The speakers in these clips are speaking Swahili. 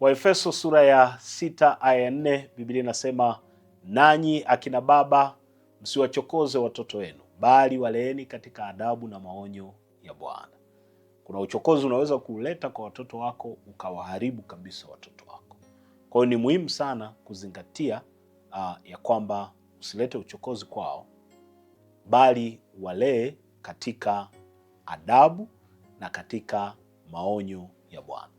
Waefeso sura ya sita aya ya nne Biblia inasema nanyi akina baba msiwachokoze watoto wenu, bali waleeni katika adabu na maonyo ya Bwana. Kuna uchokozi unaweza kuleta kwa watoto wako ukawaharibu kabisa watoto wako. Kwa hiyo ni muhimu sana kuzingatia uh, ya kwamba usilete uchokozi kwao, bali walee katika adabu na katika maonyo ya Bwana.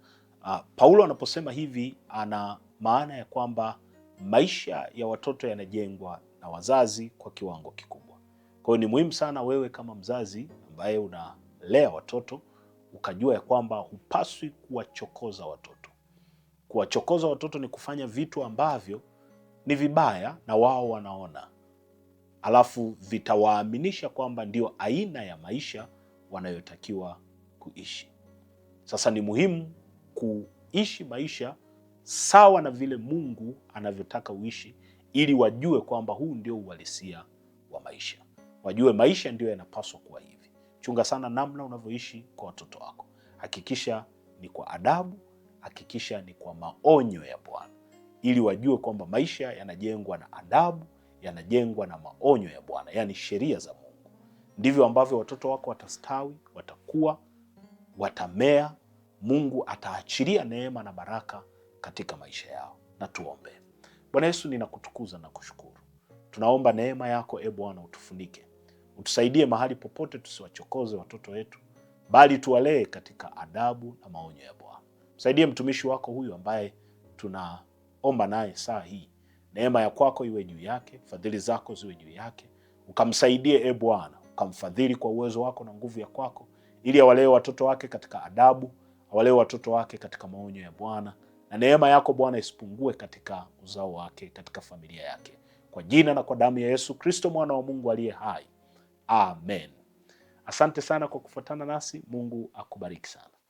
Uh, Paulo anaposema hivi ana maana ya kwamba maisha ya watoto yanajengwa na wazazi kwa kiwango kikubwa. Kwa hiyo ni muhimu sana wewe kama mzazi ambaye unalea watoto ukajua ya kwamba hupaswi kuwachokoza watoto. Kuwachokoza watoto ni kufanya vitu ambavyo ni vibaya na wao wanaona, alafu vitawaaminisha kwamba ndio aina ya maisha wanayotakiwa kuishi. Sasa ni muhimu kuishi maisha sawa na vile Mungu anavyotaka uishi, ili wajue kwamba huu ndio uhalisia wa maisha, wajue maisha ndio yanapaswa kuwa hivi. Chunga sana namna unavyoishi kwa watoto wako, hakikisha ni kwa adabu, hakikisha ni kwa maonyo ya Bwana, ili wajue kwamba maisha yanajengwa na adabu, yanajengwa na maonyo ya Bwana, yaani sheria za Mungu. Ndivyo ambavyo watoto wako watastawi, watakuwa, watamea Mungu ataachilia neema na baraka katika maisha yao. Na tuombe. Bwana Yesu, ninakutukuza na kushukuru. Tunaomba neema yako, e Bwana, utufunike, utusaidie mahali popote, tusiwachokoze watoto wetu, bali tuwalee katika adabu na maonyo ya Bwana. Msaidie mtumishi wako huyu ambaye tunaomba naye saa hii, neema ya kwako iwe juu yake, fadhili zako ziwe juu yake, ukamsaidie e Bwana, ukamfadhili kwa uwezo wako na nguvu ya kwako, ili awalee watoto wake katika adabu awalee watoto wake katika maonyo ya Bwana, na neema yako Bwana isipungue katika uzao wake, katika familia yake, kwa jina na kwa damu ya Yesu Kristo, mwana wa Mungu aliye hai, amen. Asante sana kwa kufuatana nasi. Mungu akubariki sana.